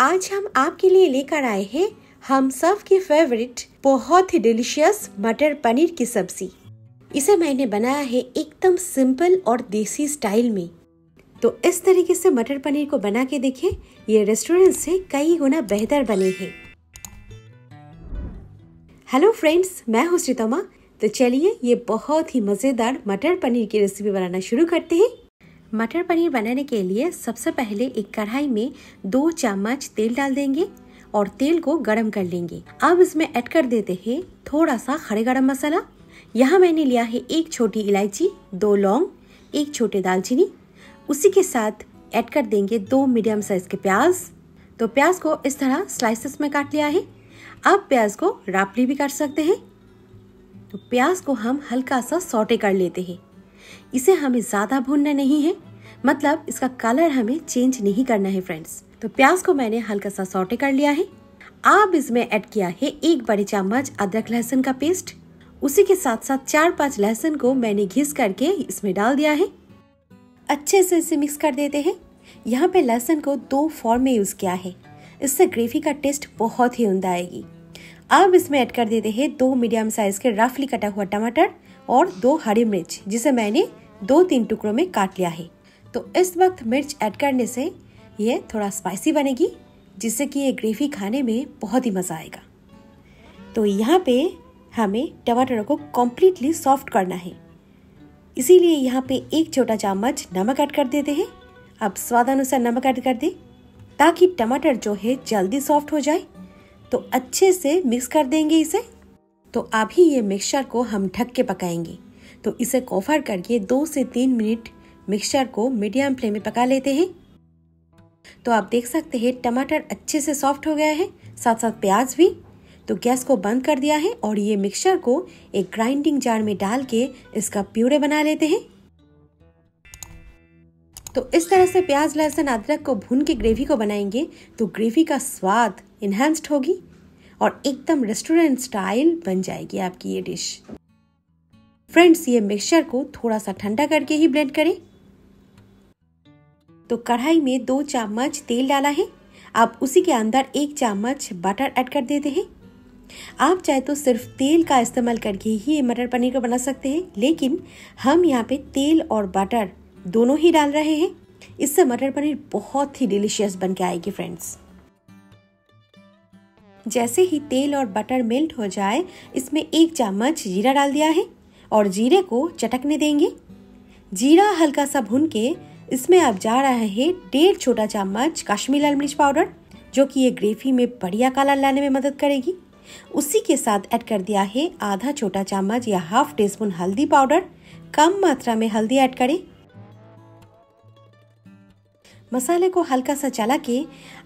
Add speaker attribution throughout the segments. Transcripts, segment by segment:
Speaker 1: आज हम आपके लिए लेकर आए हैं हम सब की फेवरेट बहुत ही डिलीशियस मटर पनीर की सब्जी इसे मैंने बनाया है एकदम सिंपल और देसी स्टाइल में तो इस तरीके से मटर पनीर को बना के देखे ये रेस्टोरेंट से कई गुना बेहतर बने हैं हेलो फ्रेंड्स मैं हूँ श्रीतमा तो चलिए ये बहुत ही मज़ेदार मटर पनीर की रेसिपी बनाना शुरू करते हैं मटर पनीर बनाने के लिए सबसे पहले एक कढ़ाई में दो चम्मच तेल डाल देंगे और तेल को गरम कर लेंगे अब इसमें ऐड कर देते हैं थोड़ा सा खड़े गरम मसाला यहाँ मैंने लिया है एक छोटी इलायची दो लौंग एक छोटे दालचीनी उसी के साथ ऐड कर देंगे दो मीडियम साइज के प्याज तो प्याज को इस तरह स्लाइसेस में काट लिया है अब प्याज को रापली भी काट सकते हैं तो प्याज को हम हल्का सा सौटे कर लेते हैं इसे हमें ज़्यादा भूनना नहीं है मतलब इसका कलर हमें चेंज नहीं करना है फ्रेंड्स तो प्याज को मैंने हल्का सा सोटे कर लिया है अब इसमें ऐड किया है एक बड़े चम्मच अदरक लहसुन का पेस्ट उसी के साथ साथ चार पांच लहसुन को मैंने घिस करके इसमें डाल दिया है अच्छे से इसे मिक्स कर देते हैं यहाँ पे लहसुन को दो फॉर्म में यूज़ किया है इससे ग्रेवी का टेस्ट बहुत ही उमदा आएगी अब इसमें ऐड कर देते हैं दो मीडियम साइज के रफली कटा हुआ टमाटर और दो हरी मिर्च जिसे मैंने दो तीन टुकड़ों में काट लिया है तो इस वक्त मिर्च ऐड करने से यह थोड़ा स्पाइसी बनेगी जिससे कि ये ग्रेवी खाने में बहुत ही मज़ा आएगा तो यहाँ पे हमें टमाटरों को कम्प्लीटली सॉफ्ट करना है इसीलिए यहाँ पे एक छोटा चम्मच नमक ऐड कर देते हैं अब स्वादानुसार नमक ऐड कर दें ताकि टमाटर जो है जल्दी सॉफ्ट हो जाए तो अच्छे से मिक्स कर देंगे इसे तो अभी ये मिक्सचर को हम ढक के पकाएंगे तो इसे कवर करके दो से तीन मिनट मिक्सचर को मीडियम फ्लेम में पका लेते हैं तो आप देख सकते हैं टमाटर अच्छे से सॉफ्ट हो गया है साथ साथ प्याज भी तो गैस को बंद कर दिया है और ये मिक्सचर को एक ग्राइंडिंग जार में डाल के इसका प्यूरे बना लेते हैं तो इस तरह से प्याज लहसुन अदरक को भून के ग्रेवी को बनाएंगे तो ग्रेवी का स्वाद इन्हेंस्ड होगी और एकदम रेस्टोरेंट स्टाइल बन जाएगी आपकी ये डिश फ्रेंड्स ये मिक्सचर को थोड़ा सा ठंडा करके ही ब्लेंड करें तो कढ़ाई में दो चम्मच तेल डाला है आप उसी के अंदर एक चम्मच बटर ऐड कर देते हैं आप चाहे तो सिर्फ तेल का इस्तेमाल करके ही मटर पनीर को बना सकते हैं लेकिन हम यहाँ पे तेल और बटर दोनों ही डाल रहे हैं इससे मटर पनीर बहुत ही डिलीशियस बन के आएगी फ्रेंड्स जैसे ही तेल और बटर मेल्ट हो जाए इसमें एक चम्मच जीरा डाल दिया है और जीरे को चटकने देंगे जीरा हल्का सा भून के इसमें अब जा रहा है डेढ़ छोटा चम्मच कश्मीरी लाल मिर्च पाउडर जो कि ये ग्रेवी में बढ़िया कलर लाने में मदद करेगी उसी के साथ ऐड कर दिया है आधा छोटा चम्मच या हाफ टी स्पून हल्दी पाउडर कम मात्रा में हल्दी ऐड करें मसाले को हल्का सा चला के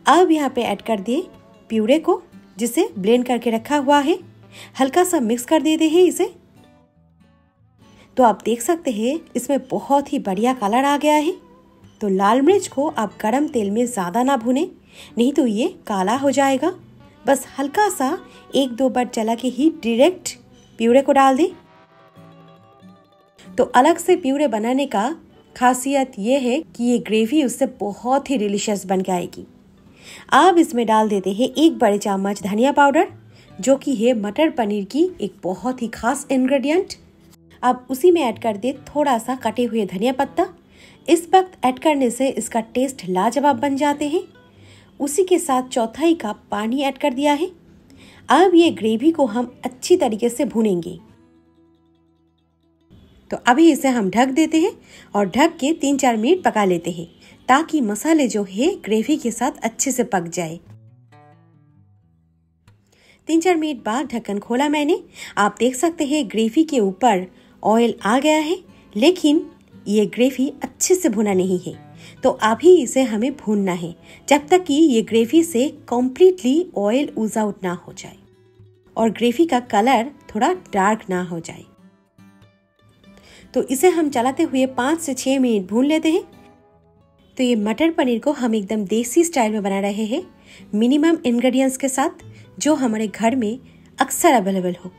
Speaker 1: अब यहाँ पे ऐड कर दिए प्यूरे को जिसे ब्लेंड करके रखा हुआ है हल्का सा मिक्स कर देते हैं इसे तो आप देख सकते हैं इसमें बहुत ही बढ़िया कलर आ गया है तो लाल मिर्च को आप गरम तेल में ज़्यादा ना भुने नहीं तो ये काला हो जाएगा बस हल्का सा एक दो बार चला के ही डायरेक्ट प्यूरे को डाल दें तो अलग से प्यूरे बनाने का खासियत ये है कि ये ग्रेवी उससे बहुत ही डिलीशियस बन जाएगी अब इसमें डाल देते हैं एक बड़े चम्मच धनिया पाउडर जो कि है मटर पनीर की एक बहुत ही खास इंग्रेडिएंट अब उसी में ऐड कर दे थोड़ा सा कटे हुए धनिया पत्ता इस वक्त ऐड करने से इसका टेस्ट लाजवाब बन जाते हैं उसी के साथ चौथाई कप पानी ऐड कर दिया है अब ये ग्रेवी को हम अच्छी तरीके से भूनेंगे तो अभी इसे हम ढक देते हैं और ढक के तीन चार मिनट पका लेते हैं ताकि मसाले जो है ग्रेवी के साथ अच्छे से पक जाए तीन चार मिनट बाद ढक्कन खोला मैंने आप देख सकते हैं ग्रेवी के ऊपर ऑयल आ गया है लेकिन ये ग्रेवी अच्छे से भुना नहीं है तो अभी इसे हमें भूनना है जब तक कि ये ग्रेवी से कम्प्लीटली ऑयल उज आउट ना हो जाए और ग्रेवी का कलर थोड़ा डार्क ना हो जाए तो इसे हम चलाते हुए पाँच से छः मिनट भून लेते हैं तो ये मटर पनीर को हम एकदम देसी स्टाइल में बना रहे हैं मिनिमम इंग्रेडिएंट्स के साथ जो हमारे घर में अक्सर अवेलेबल हो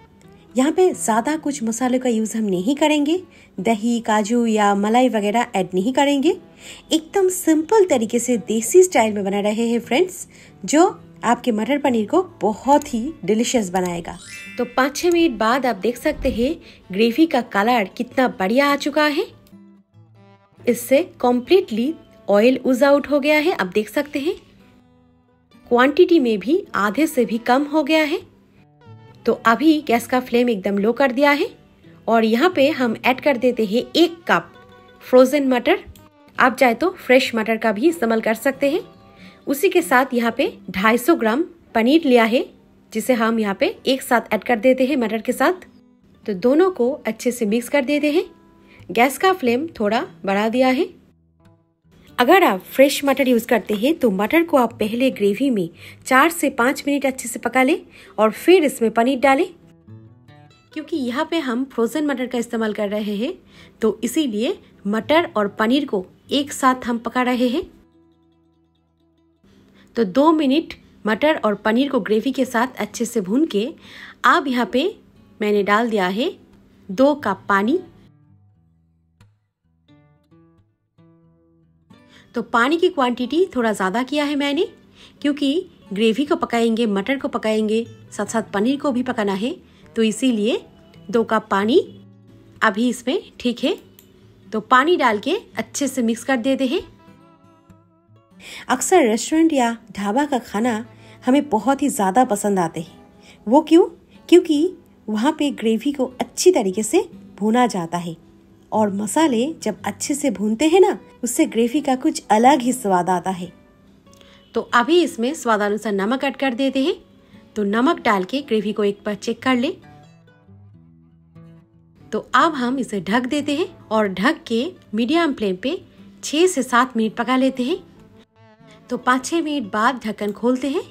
Speaker 1: यहाँ पे ज़्यादा कुछ मसालों का यूज़ हम नहीं करेंगे दही काजू या मलाई वगैरह ऐड नहीं करेंगे एकदम सिंपल तरीके से देसी स्टाइल में बना रहे हैं फ्रेंड्स जो आपके मटर पनीर को बहुत ही डिलीशियस बनाएगा तो पाँच छः मिनट बाद आप देख सकते हैं ग्रेवी का कलर कितना बढ़िया आ चुका है इससे कॉम्प्लीटली ऑयल उज आउट हो गया है आप देख सकते हैं क्वांटिटी में भी आधे से भी कम हो गया है तो अभी गैस का फ्लेम एकदम लो कर दिया है और यहाँ पे हम ऐड कर देते हैं एक कप फ्रोजन मटर आप चाहे तो फ्रेश मटर का भी इस्तेमाल कर सकते हैं उसी के साथ यहाँ पे 250 ग्राम पनीर लिया है जिसे हम यहाँ पे एक साथ ऐड कर देते हैं मटर के साथ तो दोनों को अच्छे से मिक्स कर देते हैं गैस का फ्लेम थोड़ा बढ़ा दिया है अगर आप फ्रेश मटर यूज़ करते हैं तो मटर को आप पहले ग्रेवी में चार से पाँच मिनट अच्छे से पका लें और फिर इसमें पनीर डालें क्योंकि यहाँ पे हम फ्रोज़न मटर का इस्तेमाल कर रहे हैं तो इसीलिए मटर और पनीर को एक साथ हम पका रहे हैं तो दो मिनट मटर और पनीर को ग्रेवी के साथ अच्छे से भून के अब यहाँ पे मैंने डाल दिया है दो कप पानी तो पानी की क्वांटिटी थोड़ा ज़्यादा किया है मैंने क्योंकि ग्रेवी को पकाएंगे मटर को पकाएंगे साथ साथ पनीर को भी पकाना है तो इसीलिए दो कप पानी अभी इसमें ठीक है तो पानी डाल के अच्छे से मिक्स कर देते हैं अक्सर रेस्टोरेंट या ढाबा का खाना हमें बहुत ही ज़्यादा पसंद आते हैं वो क्यों क्योंकि वहाँ पे ग्रेवी को अच्छी तरीके से भुना जाता है और मसाले जब अच्छे से भूनते हैं ना उससे ग्रेवी का कुछ अलग ही स्वाद आता है तो अभी इसमें स्वादानुसार नमक ऐड कर देते हैं तो नमक डाल के ग्रेवी को एक बार चेक कर ले तो अब हम इसे ढक देते हैं और ढक के मीडियम फ्लेम पे छह से सात मिनट पका लेते हैं तो पाँच छह मिनट बाद ढक्कन खोलते हैं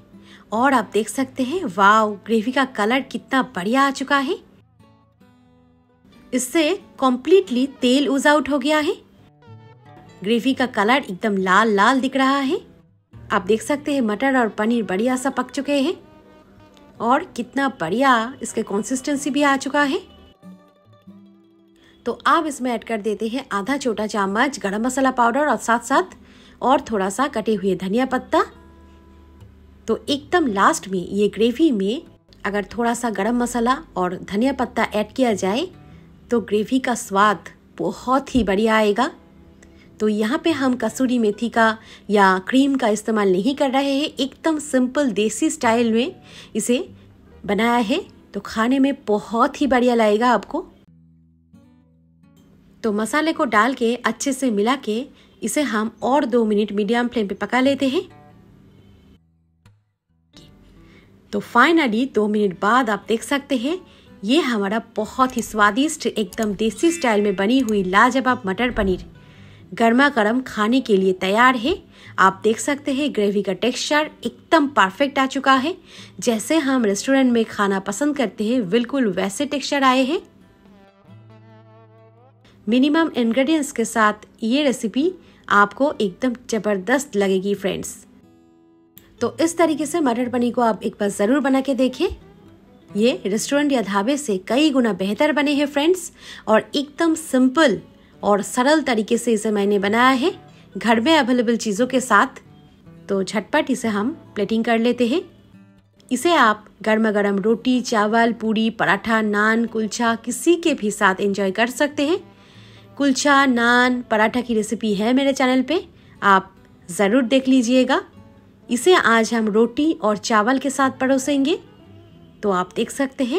Speaker 1: और आप देख सकते हैं वाव ग्रेवी का कलर कितना बढ़िया आ चुका है इससे कॉम्प्लीटली तेल उज आउट हो गया है ग्रेवी का कलर एकदम लाल लाल दिख रहा है आप देख सकते हैं मटर और पनीर बढ़िया सा पक चुके हैं और कितना बढ़िया इसके कंसिस्टेंसी भी आ चुका है तो आप इसमें ऐड कर देते हैं आधा छोटा चम्मच गरम मसाला पाउडर और साथ साथ और थोड़ा सा कटे हुए धनिया पत्ता तो एकदम लास्ट में ये ग्रेवी में अगर थोड़ा सा गरम मसाला और धनिया पत्ता ऐड किया जाए तो ग्रेवी का स्वाद बहुत ही बढ़िया आएगा तो यहाँ पे हम कसूरी मेथी का या क्रीम का इस्तेमाल नहीं कर रहे हैं एकदम सिंपल देसी स्टाइल में इसे बनाया है तो खाने में बहुत ही बढ़िया लगेगा आपको तो मसाले को डाल के अच्छे से मिला के इसे हम और दो मिनट मीडियम फ्लेम पे पका लेते हैं तो फाइनली दो मिनट बाद आप देख सकते हैं ये हमारा बहुत ही स्वादिष्ट एकदम देसी स्टाइल में बनी हुई लाजवाब मटर पनीर गर्मा गर्म खाने के लिए तैयार है आप देख सकते हैं ग्रेवी का टेक्सचर एकदम परफेक्ट आ चुका है जैसे हम रेस्टोरेंट में खाना पसंद करते हैं बिल्कुल वैसे टेक्सचर आए हैं मिनिमम इंग्रेडिएंट्स के साथ ये रेसिपी आपको एकदम ज़बरदस्त लगेगी फ्रेंड्स तो इस तरीके से मटर पनीर को आप एक बार ज़रूर बना के देखें ये रेस्टोरेंट या ढाबे से कई गुना बेहतर बने हैं फ्रेंड्स और एकदम सिंपल और सरल तरीके से इसे मैंने बनाया है घर में अवेलेबल चीज़ों के साथ तो झटपट इसे हम प्लेटिंग कर लेते हैं इसे आप गर्मा गर्म रोटी चावल पूरी पराठा नान कुलचा किसी के भी साथ एंजॉय कर सकते हैं कुलचा नान पराठा की रेसिपी है मेरे चैनल पे आप ज़रूर देख लीजिएगा इसे आज हम रोटी और चावल के साथ परोसेंगे तो आप देख सकते हैं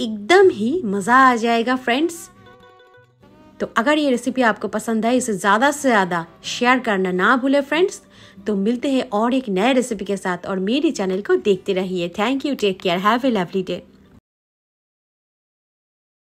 Speaker 1: एकदम ही मज़ा आ जाएगा फ्रेंड्स तो अगर ये रेसिपी आपको पसंद है इसे ज़्यादा से ज़्यादा शेयर करना ना भूले फ्रेंड्स तो मिलते हैं और एक नए रेसिपी के साथ और मेरे चैनल को देखते रहिए thank you take care have a lovely day